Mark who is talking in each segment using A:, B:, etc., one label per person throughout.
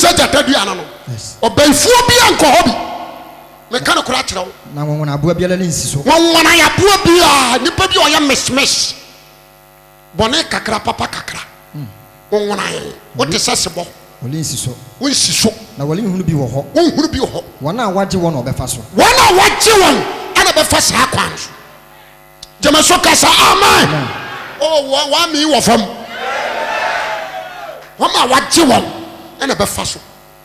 A: sɛ gyata duana no ɔbɛnfuo bi a nkɔ hɔ bi meka no koraa kyerɛ wo na wɔnwɔn aboa biara ne nsi so wɔnwɔn ayaboa bi a nipa bi a ɔyɛ mesmes bɔne kakra papa kakra wɔnwɔn ayɛ wote sɛ sebɔ wɔle nsi so wonsi so na wɔle nhunu bi wɔ hɔ wonhunu bi wɔ hɔ wɔn a wagye wɔn ɔbɛfa so wɔn a wagye wɔn ɛna bɛfa saa kwan so gyama so kasa amen ɔwɔ wɔn a mi wɔ fam wɔn a wagye wɔn. ɛna bɛfa so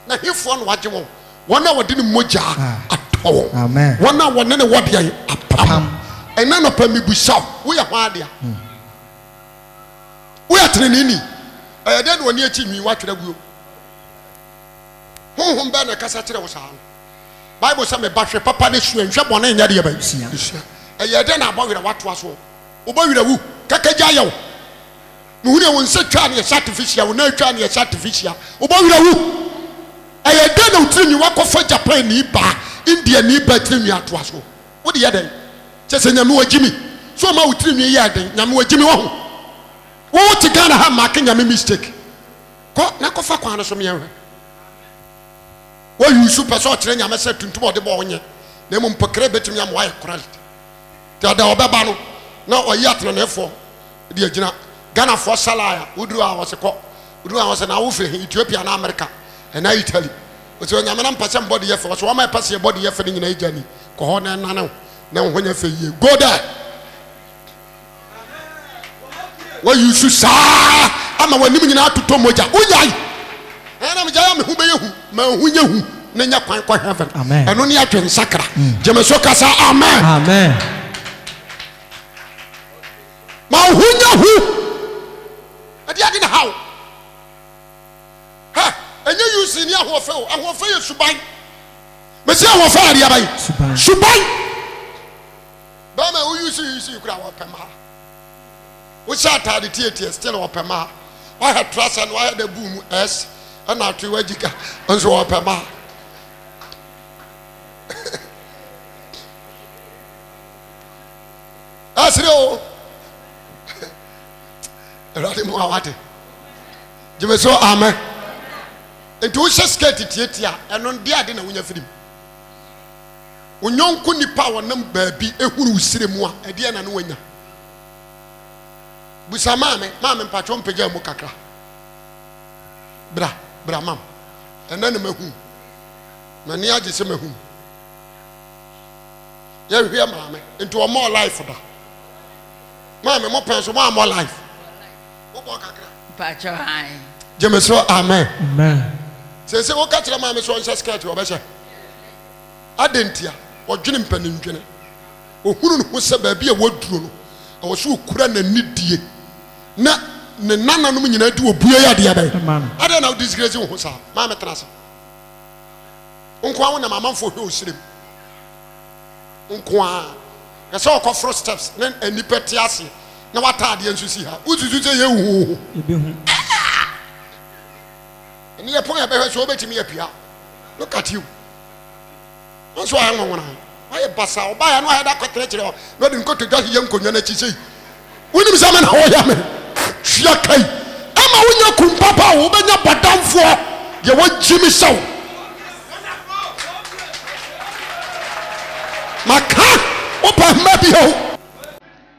A: na hefoɔ no wagye wɔn wɔn a wɔde ne mogya ah. atɔ wɔn wɔn a wɔne ne wɔdeɛ apam ɛna nɔpɛ mibusaw woyɛ hɔ adea hmm. woyɛ teneneeni ɛyɛ dɛ na wɔne akyi nwi watwerɛ guo honhom bɛɛ na ɛkasa kyerɛ wo saa no bible sɛ meba hwɛ papa ne sua nhwɛ bɔne nyɛ deɛ bɛyi ɛyɛ dɛ na abɔwerɛ watoa soɔ werɛ wu kakagya yɛ wo sɛtwaneɛ satfcia ntwaneɛsatficia berawu yɛdna wotiw woakɔf japan nibaa ndnba tinawatsowodeyɛdn ɛsɛ nyamei ɛmawotiwiyɛn nyaehwote ga nehamak nyame mysak nɔfa k n somɛh ws pɛ sɛ ɔkyeɛ nyasɛ tutum ɔde yɛ na mkrɛbɛtiyamawyɛr daɔɛba no na yi atenanefɔ de agyina ghanafoɔ salaa woduru a wɔse kɔ woduru a wɔse na wofiri he ethiopia na america ɛna eh, italy wɔsɛ onyame na mpɛ sɛ yɛ fɛ wɔsɛ wɔma ɛpɛ sɛ yɛbɔ de yɛ fɛ no nyina agya ni kɔ hɔ na ɛnane na wo ho nyɛ fɛ yie go there wayi su saa ama w'anim nyinaa totɔ mogya wogyae eh, ɛna megya yɛ me bɛyɛ hu ma nyɛ hu ne nyɛ kwan kɔ heaven ɛno ne yɛtwe nsakra mm. kasa amen sii ni ahoɔfɛ o ahoɔfɛ yɛ suban mesi ahoɔfɛ yɛ adeaba yi suban bɛrima o yi si yi si kura wɔ pɛm ha o hyɛ ataade tietie still wɔ pɛm ha wahɛ trasa no wahɛ de buumu ɛs ɛna ato wa gyika nso wɔ pɛm ha ɛsere o ɛwurade mu awate gyeme so amen. nti wohyɛ skate a ɛno de ade na wonya firim onyɔnko nipa a wɔnam baabi ehuru wusire mu a ɛdeɛ na no wanya busa maame maame mpatwɔ mpagya mu kakra bra bra mam ɛnɛ ne mahu mani agye sɛ mahu yɛhwɛ maame nti ɔmɔ life da maame mo so mo amɔ life wobɔ kakra mpakyɛ han gyeme so amen amen sese woka kyerɛ maame sɛ ɔnhyɛ skirt ɔbɛhyɛ adɛn ntia ɔdwene mpanimdwene ɔhunu ne ho sɛ baabi a waduro no ɛwɔ so ɔkura n'ani die na ne nananom nyinaa di wɔbue yɛ adeɛ bɛyɛ adɛn na wodisgrasi wo ho saa maame tena ase nko a wonam amanfoɔ hwɛ ɔsirem nko a ɛ sɛ ɔkɔforo steps na eh, nnipa te aseɛ na watadeɛ nso si ha wosusu sɛ yɛhuhuhu ɛne yɛ pɔn ɛbɛhwɛ so wobɛtumi apia look at you nso ayɛ nwonwona wayɛ basa ɔbaayɛ no ayɛ da akɔkyerɛkyerɛ hɔ na ɔde nkotodwa heyɛ nkonnwa no akyi sɛi wonim sɛ me na wɔyɛ me hwia kai ama wonya kum papa a wobɛnya badamfoɔ deɛ wɔgye me sɛ wo maka wopɛ mma bio